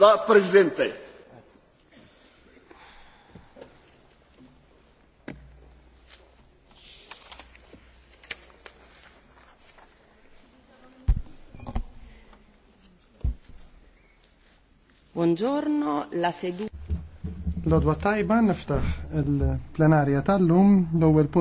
La Presidente. Buongiorno, la seduta. Lodwa tajba niftaħ il-plenarja tal-lum l-ewwel punt.